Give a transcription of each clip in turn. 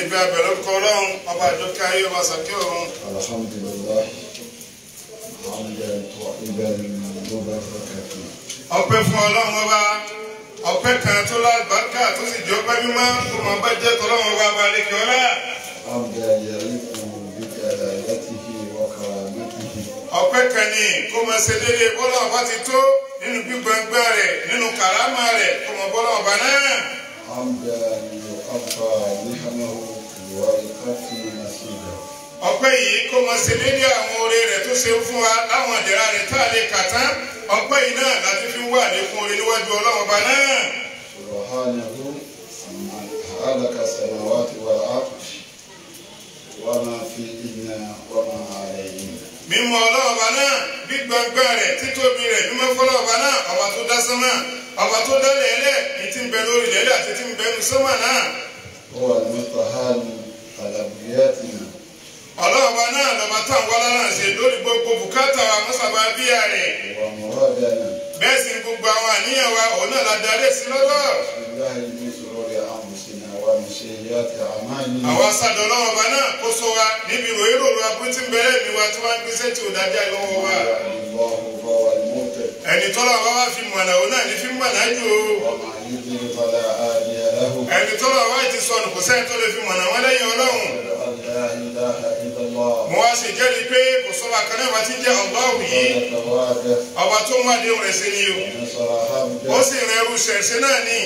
ìgbé abẹ̀rẹ̀ kọ́ ọlọ́run ọba àjọkẹ́ ayé ọba sàkẹ́ ọ̀run. alhamdulillah ọpẹ́ fún ọlọ́run ọba ọpẹ́ kan tó lágbàkà tó sì jẹ́ ọpẹ́ mímọ́ tó máa bá jẹ́ tọ́lọ́run ọba abalẹ̀kẹ́ ọlá. ọpẹ́ kan ni kó máa ṣe déédéé bọ́lá ọba ti tó nínú gbígbọ́ngbà rẹ̀ nínú kàrámà rẹ̀ kó máa bọ́lá ọba náà. حمدا يوفى نعمه ويكفي نصيبه ọpẹ́ yìí kó mọ sí lédè àwọn oore rẹ̀ tó ṣe fún wa láwọn ìdẹ̀ra rẹ̀ tá a lè kà tán ọpẹ́ yìí náà láti fi wà lẹkùn oore níwájú Ọlọ́run ọba náà. subhanahu alaka samawati wal ard wa ma fi inna wa ma alayhi. mímọ́ Ọlọ́run ọba náà bí gbọngbọn rẹ̀ títóbi rẹ̀ mímọ́ fọlọ ọba náà ọba tó dá sánmà ọba tó dálẹ̀ ẹlẹ́ ètí ń bẹ lórí lẹ́lẹ́ àti ètí ń bẹ nu sọ́mà náà. ó wà ní tahani alábìyá ti nà. ọlọ́ọ̀bá náà lọ́ba tá à ń wálá náà ṣe lórí gbogbo bùkátà wa mọ́sàbá bíyà rẹ̀. ìwà mọ́rọ́ dáná. bẹ́ẹ̀ sì ni gbogbo àwọn àníyàn wa òun náà la darí sí lọ́dọ̀. àwa sàdọ̀ lọ́wọ́ba náà kó ẹni tọ́lọ̀ wá wá fi mọ̀nà òun náà ní fi mọ̀nà jù o. ẹni tọ́lọ̀ wá ti sọnù kò sẹ́ni tó lè fi mọ̀nà wọn lẹ́yìn ọlọ́run. mo wá sì jẹ́rìí pé kò sọ́ba kan náà wá ti jẹ́ ọlọ́run yìí ọba tó mú àdéhùn rẹ̀ sí ni o. ó sì rẹ ẹrú ṣẹ̀ṣẹ̀ náà ni.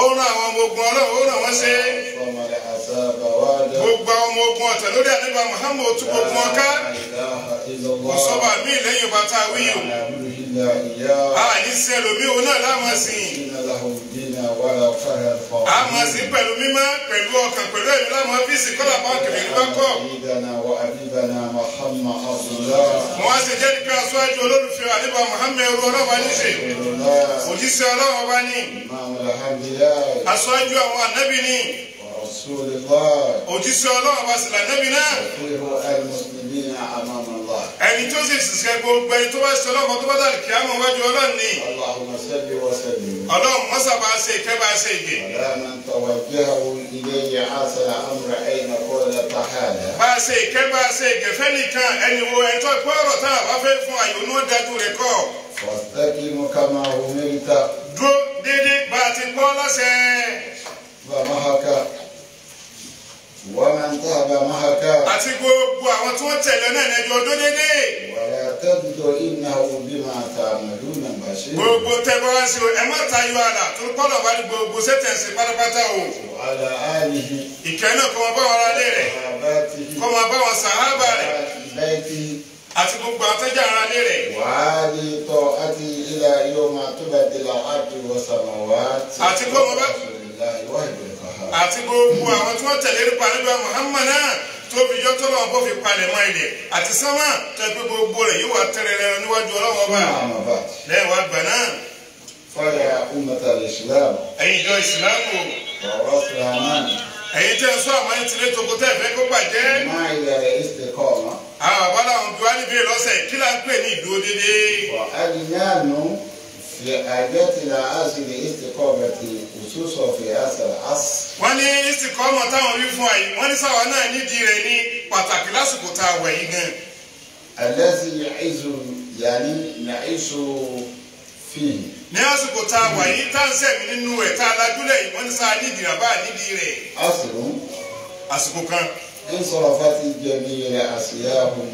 ó ràn àwọn ọmọ ogun ọlọ́run ó ràn wọ́n ṣe. gbogbo àwọn ọmọ ogun ọ̀tẹ̀ lórí àdébà Muhammad tó gbogbo wọn ká kò sọ́ba míì lẹ́yìn ọba tá a wí yìí o. إلا إياه أني سلمي هنا لا مسين إن له دين ولا فرد أما سين بلو مما بلو كان بلو لا ما في سكولا بانك بلو بانكو سيدنا وأبينا محمد عبد الله مواسى جل كاسوا جلول في أبي محمد رونا بانيشي وجيسي الله وباني إمام الحمد لله أسوا جوا النبي ني رسول الله وجيسي الله وبس النبي نا فيه المسلمين أمام ẹni tó sì ṣiṣẹ́ gbogbo ẹni tó bá ṣe ọlọ́mọ tó bá dàrí kí á mọ̀ wájú ọlọ́run ni. ọlọ́run wọ́n sábà ṣe ìkẹ́ bá ṣe ìgbè. bá a ṣe ìkẹ́ bá a ṣe ìgbè fẹ́nìkan ẹni wo ẹni tó pé ọ̀rọ̀ tá a bá fẹ́ fún àyò dájú rẹ̀ kọ́. fọ́sítẹ́kì mo ká máa wọ mẹ́rìndà. dúró déédéé bá a ti kọ́ lọ́sẹ̀. bàmá ha wọ́n ń tọ́ àbá máa ká. àti gbogbo àwọn tí wọ́n tẹ̀lé náà ní ẹjọ́ ọdún dédé. wàrà tẹ́tùtọ̀ iná òbí máa ta àmàlú nàmbà ṣe. gbogbo tẹ́gbọ́n wá o ẹ má ta yọ àlà tó kọ́nà bá ní gbogbo sẹ́tẹ̀sì pátápátá o. wàhálà á nìyí. ìkẹ́ náà kọ́ máa bá wọn alẹ́ rẹ̀ kọ́ máa bá wọn sàhábà rẹ̀ àti gbogbo àtẹ́jà ara lé rẹ̀. wàá di tọ́ àti ilà yóò máa tó bá di la àti wọ́sàmọ̀ wá àti gbogbo àwọn tí wọ́n tẹ̀lé nípa níbi Muhammad náà tó fi jọ́ tó lọ́wọ́ bó fi palẹ̀ mọ́ ilẹ̀ àti sánmà tó pé gbogbo rẹ̀ yóò wá tẹ̀lé rẹ̀ níwájú ọlọ́wọ́ bá lẹ́yìn wá gbà náà. fọlẹ̀ ummata al-islam. ẹ̀yin ìjọ ìsìlámù. ọ̀rọ̀ sùlámán. ẹ̀yin tẹ́ sọ àwọn ẹni tìlẹ̀ tókò tẹ́ fẹ́ kó bàjẹ́. máa yẹ istiqama. àwọn àbálà wọ́n ní istikọ́mọ̀ táwọn wí fún àyè wọ́n ní sáwà náà nídìí rẹ̀ ní pàtàkì lásìkò tá a wẹ̀ yìí gan. الذي يعز يعني نعيش فيه. ní àsìkò tá a wà yìí tá à ń sẹ̀mí nínú ẹ̀ tá a lajúlẹ̀ yìí wọ́n ní sáà nídìí rẹ̀ bá a nídìí rẹ̀. àsìkò. àsìkò kan. ń sọ̀rọ̀ fati jẹ́ mi yẹrẹ àṣìyá ọ̀hún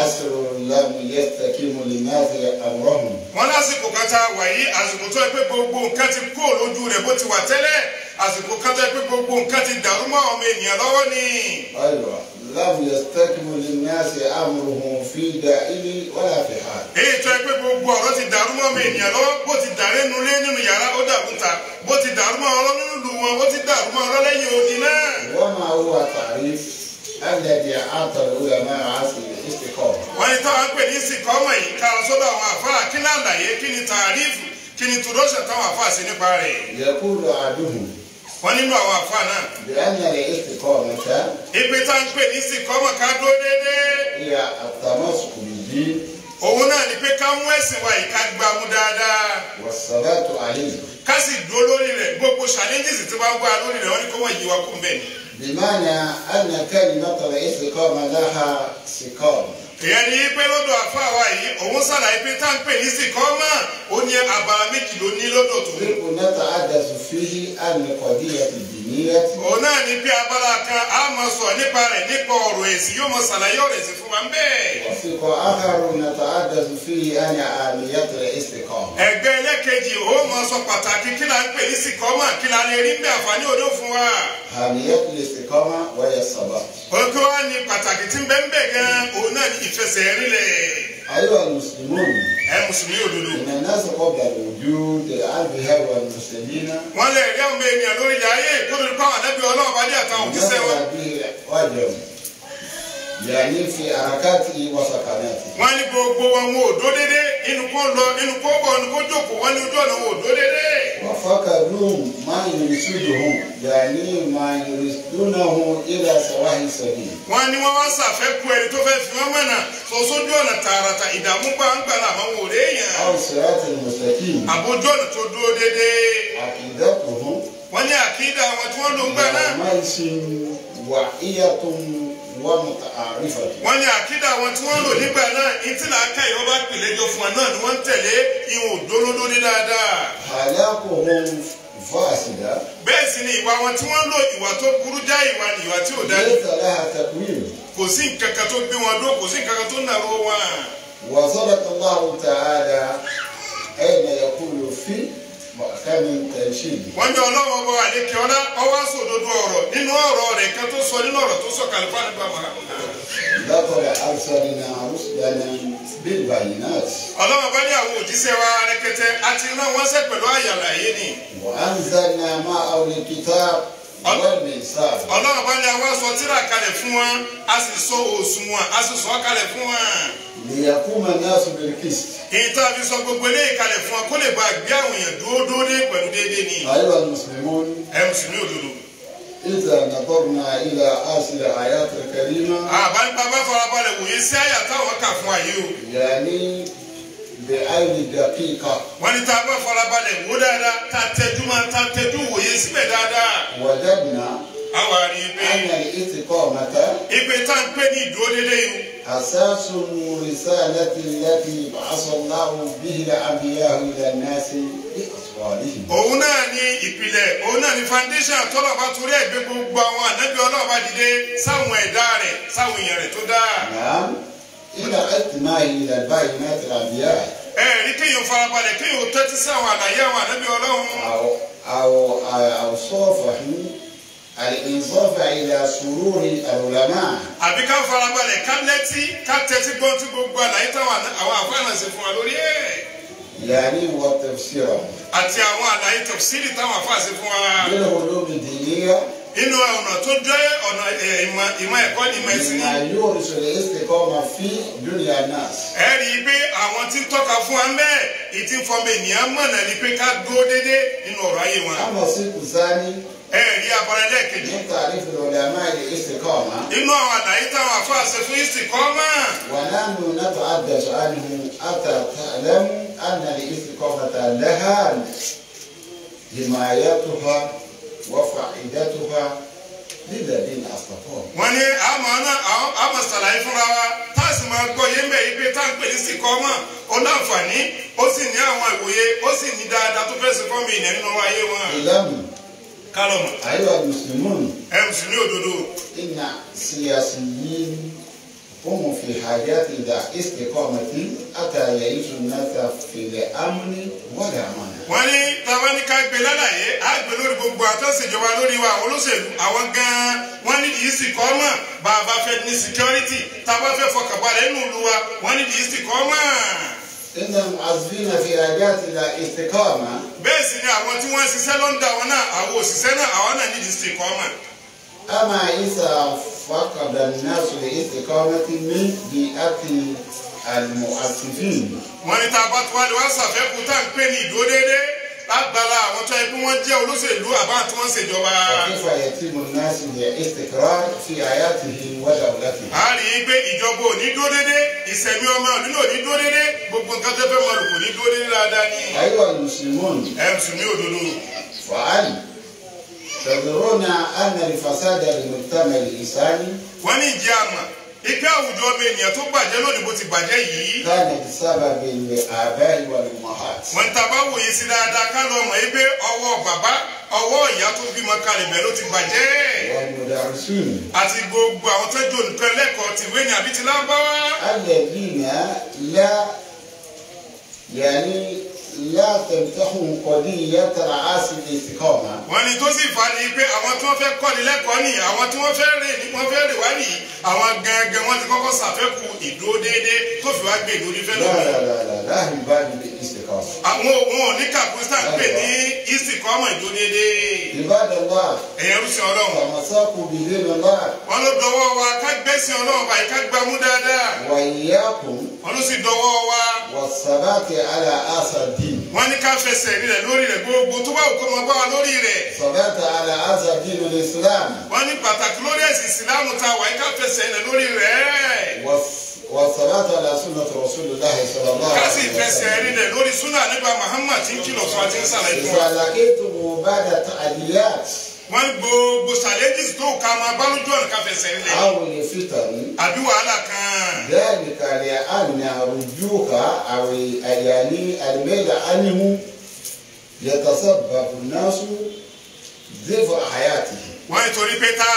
asiro lamu yẹtẹ kí mo lè má fi àwòrán. wọn lásìkò kan tá a wà yìí àsìkò tó ẹ pé gbogbo nǹkan ti kó lójú rẹ bó ti wà tẹ́lẹ̀ àsìkò kan ẹ pé gbogbo nǹkan ti dàrú mọ́ ọmọ ènìyàn lọ́wọ́ ni. ayiwa lamu yẹtẹ kí mo lè má fi àwòrán fi da ibi wọn fi hà. èyí tó ẹ pé gbogbo ọ̀rọ̀ ti dàrú mọ́ ọmọ ènìyàn lọ́wọ́ bó ti dàrú ẹnu lé nínú yàrá ó dàrú ta bó ti dàrú mọ́ ọ̀rọ̀ nínú ìlú wọn ó ti dàrú wọ́n ní táwọn pè ní ìsìnkọ́mọ̀ yìí ká sọ́dọ̀ àwọn àfáà kí ní àlàyé kí ní tààrífù kí ní tùdọ́ṣà táwọn àfáà sí nípa rẹ̀. yẹkúrò àdùnnú. wọ́n nínú àwọn àfáà náà. ìrànlẹ̀ ìsìnkọ́mọ̀ ká. ibi tá ń pè ní ìsìnkọ́mọ̀ ká dúró déédéé. ìyá àtàmọ́sùkù yìí. òun náà ni pé ká mú ẹ̀sìn wa yìí ká gbà mú dáadáa. wàsálàtò àlè. ká sì dúró lórí rẹ̀ gbogbo challenges tí wọ́n gbá lórí rẹ̀ wọ́n ní kó bìmánà ànàkẹ́ni lọ́tọ̀rọ̀ ìsìnkọ́ màláha sìkọ́. ìyẹn ni pé lọ́dọ̀ àfáà wa yìí òun ṣàlàyé pé táǹpẹ̀ yìí sìkọ́ lódò tó. nípò mẹ́ta àdàsù fílí àmì kọ̀dí ẹ̀tì dìní ẹ̀tì. òun náà ní bí abala kan a máa sọ nípa rẹ̀ nípa ọ̀rọ̀ èsì yóò mọ ṣàlàyé ọ̀rọ̀ èsì fún wa ń bẹ́ẹ̀. ọ̀sìnkọ ahàrò mẹ́ta àdàsù fílí àmì àmì yàtọ̀ ìsìnkọ́. ẹgbẹ́ ẹlẹ́kejì ó mọ sọ pàtàkì kí la ń pè ní sìkọ́mà kí la lè rí bẹ́ẹ̀ àǹfààní òdo fún wa. àmì yàtọ̀ ìsìnkọ́mà wọ́yẹ sọ̀bà. òkè wa ni pàtàkì tí ń bẹ́ẹ̀ bẹ́ẹ̀ gan òun náà ní ìfẹsẹ̀rìnlẹ̀. ayé wa mùsùlùmí. ẹ mùsùlùmí òdodo. sọ̀kọ̀ bẹ̀rẹ̀ ojú tẹ̀ àbíhá wà mùsùlùmí. wọ́n lè rí àwọn ènìyàn lórí ayé ìkúrò nípa àwọn àdábì ọlọ́ọ̀bá dé àtàwọn òjíṣẹ́ wọn. wọ́n wà bí wájà wọn yàyí fi àràkàtì wà sàkàlàtì. wọ́n ní gbogbo wọn wọn ò dó dédé inú kó lọ inú kó bọ̀ inú kó jókòó wọ́n ní ojú ọ̀nà wọn ò dó dédé. wọ́n fọ́kà lóhùn máa yọrí sídò hùn yàní máa yọrí lónà hùn yíra sàwáhì sọ̀dí. wọ́n ní wọ́n wá sàfẹ́kù ẹni tó fẹ́ fi wọ́n mọ̀nà sọ́sọ́jú ọ̀nà tààràtà ìdààmú gbàǹgbà làwọn wò lé yàn. àbójú ọ̀nà tó dúró dédé. àkìdá kò hún. àwọn tí wọ́n lò wọ́n ní àkídà wọn tí wọ́n lò nígbà náà ìtì làákà yìí wọ́n bá pèlè jọ fún wa náà ni wọ́n ń tẹ̀lé ihò dólódó ní dáadáa. àlẹ́ kò wọ́n fọ́ àṣìdá. bẹ́ẹ̀ sì ni ìwà wọn tí wọ́n lò ìwà tó burú já ìwà ni ìwà tí ò dájú. ilé ìtàlá àtàkùnrin. kò sí nǹkan kan tó gbé wọn dó kò sí nǹkan tó nàró wọn. wọn tà á wọ́n jẹ́ ọlọ́run ọba àlékè ọlá ọwọ́ sòdodo ọ̀rọ̀ nínú ọ̀rọ̀ rẹ̀ kan tó sọ nínú ọ̀rọ̀ tó sọ kàlùfà nípa màá. lákọ̀ọ́dà àṣàrìnà àrùsíyàní bíi bàyìí náà. ọlọ́run ọba ní àwọn òjíṣẹ́ wa rẹ̀kẹ̀tẹ̀ àti iná wọ́n sẹ́ pẹ̀lú àyàlà yìí ni. wọ́n á ń zanna máa àwọn èkìtà ọlọ́run bá ní àwa sọ tírà kalẹ̀ fún wọn a sì sọ òṣùwọ̀n a sì sọ kalẹ̀ fún wọn. lèyàkú máa ní àsùnbẹ̀rẹ̀ kìsì. ìta fi sọ gbogbo eléyìí kalẹ̀ fún wọn kó lè bá gbé àwọn èèyàn dúró dúró ní pẹ̀lú déédéé ni. àyẹ̀wò mùsùlùmí. ẹ mùsùlùmí òdodo. ìta nàtọ́rùnà ilà àṣìlẹ̀ àyàtọ̀ kẹrìmà. àbá bàbá farabalẹ̀ wòye sí àyà táwọn kà fún àyè o. yàní bẹ ayi da pii ka. wọ́n ní tá a bá farabalẹ̀ wò dáadáa tá a tẹ́jú máa tá a tẹ́jú wòye síbẹ̀ dáadáa. wọ́jà bìnà. àwa rí i pé. àyà ètè kọ́ ọ̀mọ̀tá. ìpè tá a ń pè ní ìdúró dédé yìí. àṣàṣù mùrìsà láti láti asọ̀láhùn bíi abiyahùn ìlànà sí òun náà ni ìpìlẹ̀ òun náà ni foundation tọ́lọ́ba torí ẹ̀gbẹ́ gbogbo àwọn ànábì ọlọ́ba dìde sáwọn ẹ̀dá rẹ̀ sáwọn èèyàn rẹ̀ tó dáa ìlà ẹtìmá ìlà báyìí náà tẹ̀lé àbíyá. ẹ ní kéèyàn farabalẹ̀ kéèyàn tẹ́tí sí àwọn àlàyé àwọn ànábì ọlọ́run. àwọ̀ àwòsọ́ọ̀fà ń àìsọ́ọ̀fà ìlà sùúrù àlùlámà. àbí ká farabalẹ̀ ká lẹ́tí ká tẹ́tí gbọ́ tí gbogbo àlàyé táwọn àwọn àfáànà ṣe fún wa lórí ẹ̀. yàrá ìwọ tẹ̀síọ̀. àti àwọn àlàyé tẹ̀síìrì táwọn àfáà ṣe fún wa. bí inú ọ̀nà tó jẹ́ ọ̀nà ìmọ̀ ẹ̀kọ́ ni ìmọ̀ ẹ̀sìn ni. àyù kọ́ máa fi júlíà náà. ẹ rí i pé àwọn tí tọ́ka fún wa mẹ́ẹ̀ ìtì fọmọ ènìyàn mọ̀nà ni pé ká dúró déédéé nínú ọ̀rọ̀ ayé wa. kámọ̀ sí kùsání. ẹ rí abọ́lẹ̀ lẹ́ẹ̀kejì. níta àrífìlọ̀lẹ̀ amáyé ẹ̀sìn kọ́ ọ̀ma. inú àwọn àlàyé táwọn afáàṣẹ fún ẹ̀sìn kọ́ ọ̀ma. wà láàmú wọ́n ní àmọ́ náà àmọ́ sàlàyé fúnra wa tá máa gbọ́ yé mbẹ́ ibi tá à ń pè ní sìkọ́ mọ́ ó láǹfààní ó sì ní àwọn ìwòye ó sì ní dáadáa tó fẹ́ẹ́ sìkọ́ mi ìnẹ́nu ayé wọn. ìlànà kálọ̀mù. àyè wa mùsùlùmí. ẹ mùsùlùmí òdodo. ìnà síyàsì yìí هم في حاجات إلى استقامة حتى يعيشوا الناس في الأمن والأمان. wọ́n ní táwọn ní ká gbé lálàyé á gbé lórí gbogbo àtọ́síjọba lórí wa àwọn olóṣèlú àwọn gan-an wọ́n ní kìí sì kọ́ mọ̀ bá fẹ́ ní security tá a bá fẹ́ fọkànbalẹ̀ nù lu wa wọ́n ní kìí sì kọ́ mọ̀. إنهم عازمين في حاجات إلى استقامة. bẹ́ẹ̀ sì ni àwọn tí wọ́n ń ṣiṣẹ́ ló ń da àwọn náà àwọn òṣìṣẹ́ náà àwọn náà ní kìí sì kọ́ mọ̀. أما إذا فقد الناس لإستقامة من بيئة المؤسسين. wọ́n ní tá a bá tó wá lè wá ṣàfẹ́kù tá à ń pè ní ìdúró déédé lágbára àwọn tó yẹ kí wọ́n jẹ́ olóṣèlú àbá tí wọ́n ń ṣèjọba. àkífà yẹtí mo ná sí yẹ istikrar fi àyà ti di wádà wúlàtì. a rí i pé ìjọba ò ní dúró déédé ìsẹ̀mí ọmọ ìlú ò ní dúró déédé gbogbo nǹkan tó fẹ́ mọ lò kò ní dúró déédé dáadáa ní. ayé wa mùsùlùmí. ẹ mùsùlùmí òdodo. wàhálì tẹ̀sùrọ̀nà anàlìfàsádà lèmọ̀tàmà ìsáni. wọ́n ní ìjẹ́ àmà ike àwùjọ ọmọ ènìyàn tó bàjẹ́ lónìí bó ti bàjẹ́ yìí. káàdì sábà bèèrè àbẹ́ ìwà lùmọ̀hát. wọ́n tàbá wòye sí dáadáa ká lọ mọ̀ ebe ọwọ́ bàbá ọwọ́ ìyá tó bímọ kalẹ̀ bẹ́ẹ̀ ló ti bàjẹ́. wọ́n mú dàrú sí mi. àti gbogbo àwọn tó jò nǹkan lẹ́kọ̀ọ́ tìwé ni àbí ti lábá. alẹ́ bí ìyá yá yẹn ní la tantahu qadiyat ra'as al-istiqama. wọ́n ní tó sì fa ni pé àwọn tí wọ́n fẹ́ kọ́ ni lẹ́kọ̀ọ́ ni àwọn tí wọ́n fẹ́ rè ni wọ́n fẹ́ rè wá ni àwọn gangan wọ́n ti kọ́kọ́ ṣàfẹ́kù ìdúró déédéé tó fi wá gbé ìdúró nífẹ̀ẹ́ lọ́wọ́ àwọn òun òní kàkúsà ń pè ní ìsìnkọ́mọ̀ ìdúdédé. ìbàdàn wà. ẹ̀yẹ rúṣì ọlọ́run. àmọ́sọ́kù bìlẹ̀ lọ́la. wọn ló dọwọ́ wa ká gbẹ́sìn ọlọ́run báyìí ká gbámú dáadáa. wà ìyá kù. wọn ló sì dọwọ́ wa. wà sàbàkì àlà àṣàdì. wọn ní ká fẹsẹ̀ rí rẹ̀ lórí rẹ̀ gbogbo tó bá òkú ọmọ bá wa lórí rẹ̀. sàbàkì àlà àṣàdì wàsàlátà la sunna tó rasulillah sallallahu alaihi wasallam. káàsì ìfẹsẹ̀ rí lẹ̀ lórí sunna nípa muhammad tí ń kìlọ̀ fún àti ń sàlàyé fún wa. ìsàlàkè tó wò bá dà tán àdìyà. wọ́n gbogbo sàlẹ́jì tó ka máa bá lójú ọ̀nà káfẹsẹ̀ rí lẹ̀. àwọn èèyàn fi tàbí. àbí wàhálà kan. bẹ́ẹ̀ ni kàlẹ́ àná rojú ka àwọn àyà ní àlùmẹ́dà ánihu yàtọ̀sọ̀bàbù náà sùn dẹ́fọ̀ àyà tì. wọ́n ìtorí pé tá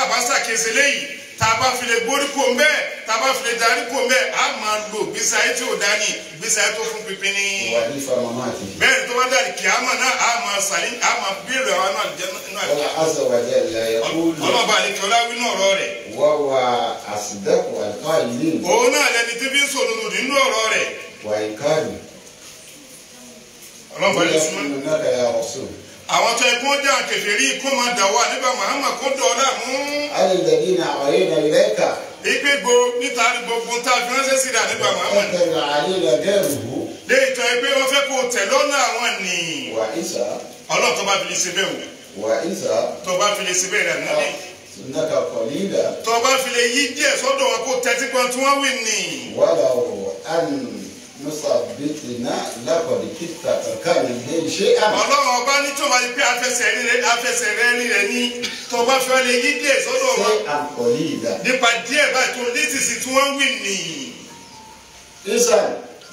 a bá ṣàkíyèsí léyìí tá a bá fi lè borí kò ń bẹ́ẹ̀ tá a bá fi lè darí kò ń bẹ́ẹ̀ a máa lo gbèsè ayé tí ò dání gbèsè ayé tó fún pínpín ní. bẹ́ẹ̀ tó bá dàrí kí a máa náà a máa sàlí a máa béèrè àwọn náà jẹ́ náà. wọ́n aṣọ wàjẹ́ ìlà ẹ̀kọ́ lò. ọlọ́ba àlekẹ́ ọláwí náà rọ rẹ̀. òun náà lẹni tí fi ń sòdodo nínú ọ̀rọ̀ rẹ̀. wà àwọn tó ẹkún dá kèfèrí kó máa dà wá nígbà Muhammad kó dọ̀ọ́lá mú. alẹ́ ìdẹ̀bí na ọ̀rẹ́ ìdẹ̀bí bẹ́ẹ̀ kà. ipe gbo níta gbogbo tá a fi ránṣẹ́ sí ra nígbà Muhammad. ẹ̀kẹ́ lọ alẹ́ ìdẹ̀bẹ́ òwú. lè tọ́ ẹgbẹ́ wọn fẹ́ kó tẹ̀ lọ́nà àwọn nì. wà ìsà. ọlọ́run tó bá fi lè ṣe bẹ́ẹ̀ wò. wà ìsà. tó bá fi lè ṣe bẹ́ẹ̀ rẹ̀ nílẹ̀. sinaka kọ̀lí nusabbitina laqad kitta tarkanu ilayhi shay'an. ọlọ́run ọba ní tó máa di pé afẹsẹ̀ rẹ afẹsẹ̀ rẹ rírẹ ní tó bá fẹ́ lè yí díẹ̀ sọ́dọ̀ wa. ṣé àkọ́lé ìdá. nípa díẹ̀ báyìí tó létí sí tí wọ́n ń wí nìyí.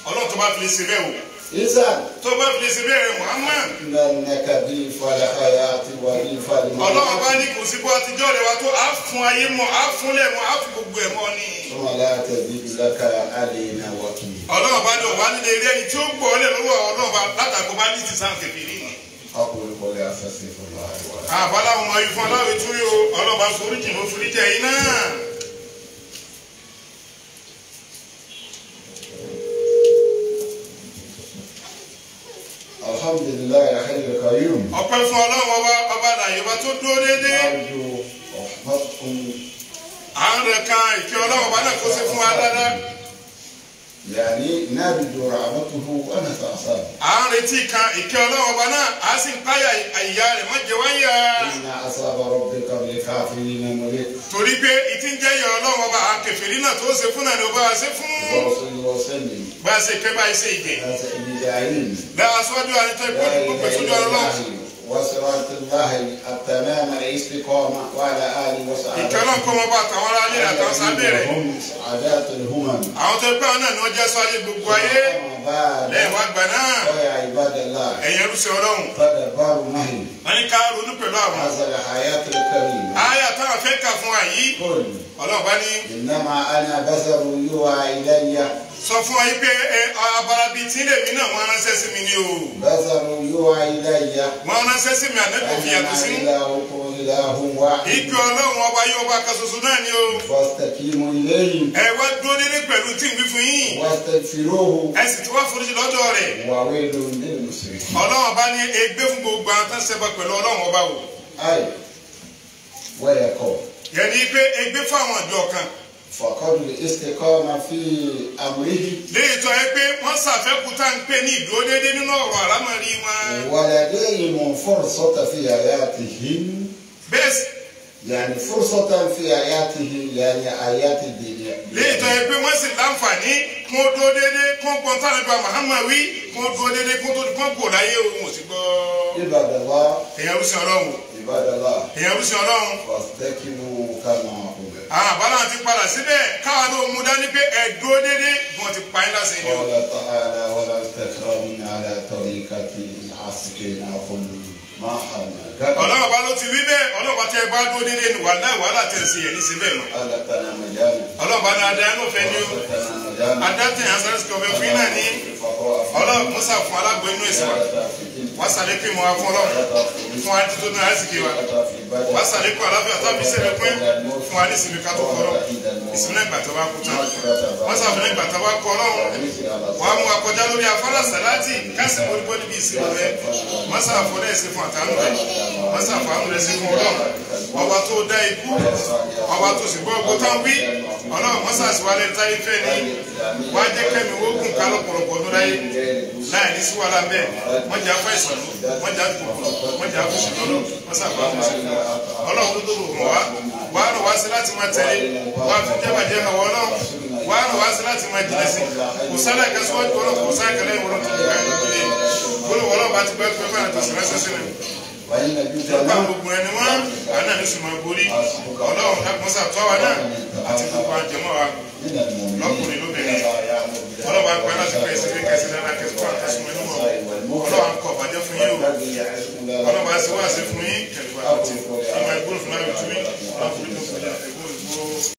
ọlọ́run tó bá fi lè ṣe bẹ́ẹ̀ wò. Isa. Tó bá fi lè ṣe bẹ́ẹ̀ Muhammad. Nànàkà bí ìfọ̀lẹ̀ àyà àti wà bí ìfọ̀lẹ̀ mọ́. Ọlọ́run bá ní kò sí bó àtijọ́ rẹ̀ wá tó á fún ayé mọ́, á fúnlẹ̀ mọ́, á fún gbogbo ẹ̀ mọ́ ni. Sọ́mọ̀lá àtẹ̀bí ìlàkà àlè iná wà kì í. Ọlọ́run bá ní òwá nílé eré ẹni tí ó gbọ́ ọ́lẹ̀ lọ́wọ́ Ọlọ́run bá látàgbọ́ bá ní ti sáà kẹfì rí ni. Ọkùnrin kọ́lé àṣàṣe fún wa. Àbálá alhamdulilayi akadìrẹ kayum. ọpẹ́ fún Ọlọ́run ọba ọba làyẹwò tó dúró déédéé. ayò ọ̀pá kùn. à ń rẹ̀ ka ìkẹ́ Ọlọ́run ọba náà kó sí fún wa dáadáa yàní nábì dòrò àbátòfò wọnà sàásà. à ń retí kan ìkẹ́ ọlọ́wọ́ bá náà a sì ń páyà àyà rẹ̀ mọ́ jẹ́ wáyà. iná asábàárọ̀ bí kábílẹ̀ káfíń ní mọ́lẹ̀. torí pé ìtí ń jẹ́yọ̀ ọlọ́wọ́ bá a kẹfìrí náà tó ṣe fún nàní ọba ṣe fún. wọ́n ṣe ní. bá a ṣe kẹ́ bá a ṣe ìjẹ́. láàṣọ ìdíjà yìí. láàṣọ ìdíjà yìí tó ikú ní gbogbo وصراط الله التمام الاستقامة وعلى آله وصحبه ìkẹ́lọ́n kọ́ mọ́ bá àtàwọn ará ilé àtàwọn sábẹ́rẹ́. àdáàtò ìhùmà. àwọn tó gbà náà ni wọ́n jẹ́ sáré gbogbo ayé. lẹ́yìn wá gbà náà. ọ̀yà ìbádẹ́lá. ẹ̀yẹ rúṣẹ́ ọlọ́run. padà báwo náà. wọ́n ní ká ronú pẹ̀lú àwọn. azara ayatul karim. aya táwọn fẹ́ kà fún wa yìí. ọlọ́run bá ní. ìnáma ana basaru yóò wá ilé yá sọ fún wọn yín pé abala bíi tí lèmi náà wọn ránṣẹ́ sí mi ni o. lọ́sà mo yóò wá ilé ìyá. wọn ránṣẹ́ sí mi ànábì fi yàtọ̀ sí. ìlà ohun wa. ìpè ọlọ́run ọba yóò bá kan ṣoṣo náà ni o. fọ́sítẹ̀ kí mo ilé yìí. ẹ wá dúró dédé pẹ̀lú tí n bí fún yín. fọ́sítẹ̀ fi róhù. ẹ sì ti wá foríṣi lọ́dọ̀ rẹ̀. wàwé ló ní ìmùsùn. ọlọ́run ọba ní egbé fún gbogbo àwọn fọkọdù ìsìnkọ máa fi àmọ èyí. léyìí tó yẹ pé wọn ṣàfẹ́kù tá à ń pè ní ìdúró déédé nínú ọ̀rọ̀ àlámọ̀rí wọn. ìwàlẹ̀ lẹ́yìn mọ̀ fọ́ọ̀rù sọ́tà fi àyà ti hí. bẹ́ẹ̀ yàní fúrúsọ́tà ń fi àyà ti hí yàní àyà ti dèbí. léyìí tó yẹ pé wọ́n sì láǹfààní kó dúró déédé kó gbọ́n wí kó dúró déédé tó kó kò láyé òun ò sì gbọ́. ìbàdàn wa. ìyàwó sí ọlọ́run. ìbàdàn wa. ìyàwó sí ọlọ́run àwọn àbálà ti padà síbẹ̀ káwọn ló dání pé ẹ dúró déédéé ti pa yín láṣẹ yìí. ọ̀la tó ara ọ̀la tẹ̀sán ní ara tọ́lí kàkí àsìkè náà fún mi máa hàn mí. ọlọ́wọ́ bá ló ti wí bẹ́ẹ̀ ọlọ́wọ́ tẹ bá dúró déédéé ní wàhálà wàhálà tẹ̀ sí ẹ̀ ní síbẹ̀ mọ́. ọlọ́wọ́ bá dáadáa ẹ̀ ló fẹ́ ní o adátẹ̀ yẹn sáré sikọ̀ fún yín ní ọlọ́wọ́ musa fún alágbó ìsìn wá sàlékún ìmọ̀ wa fún ọlọ́run fún wa tó náà ẹ̀sìkì wa wá sàlékún àlàáfíà tábí sẹ́lẹ̀ pé fún wa ní ìsinmi ká tó kọ́ ọlọ́run ìsinmi náà gbàtà wa kú tán wọ́n sàfihàn náà gbàtà wa kọ́ ọlọ́run wà á mú wa kọjá lórí afárá sàláàtì kásì mo dúpọ́ níbi ìsinmi rẹ wọ́n se náà ẹ̀sìn fún àtàánú rẹ wọ́n sàfọ́ àánú rẹ sí fún ọlọ́run ọba tó dá ikú ọba tó sì gbọ́ ọgbó tán wí ọlọ́run wọn sàṣìwálẹ̀ táyé fẹ́ ní wá jẹ́ kẹ́mi ogun ká lọ́pọ̀lọpọ̀ ọdún láyé láì ní sí wàhálà bẹ́ẹ̀ wọ́n jẹ́ afọ ìsọ̀nù wọ́n jẹ́ àtùkù wọ́n jẹ́ àkùsù lọ́nà wọ́n sàbà wọn sí ọlọ́run tó tó rò wá wàá rò wá sí láti máa tẹ̀lé wàá fi jẹ́bàjẹ́ àwọn ọlọ́run wàá rò wá sí láti máa jìnà sí kò sálà kásíwájú ọlọ́run kò sá ìjọba gbogbo ẹni wọn àwọn náà ní sùnmọ́ borí ọlọ́run dákúnṣà tọ́wọ́ náà àti gbogbo àjẹmọ́ wa lọ́kùnrin lóbìnrin ọlọ́wà gba láti pẹ́ sí kékeré sí dáná kẹ́kọ̀ọ́ àtàsùnmọ́ inú mọ̀ ọlọ́wà ń kọ̀ bàjẹ́ fún yín o ọlọ́wà sí wá sí fún yín kẹ̀lú àti ìmọ̀ ẹgbẹ́ òfin láti tún yín láti fi kó fún yín.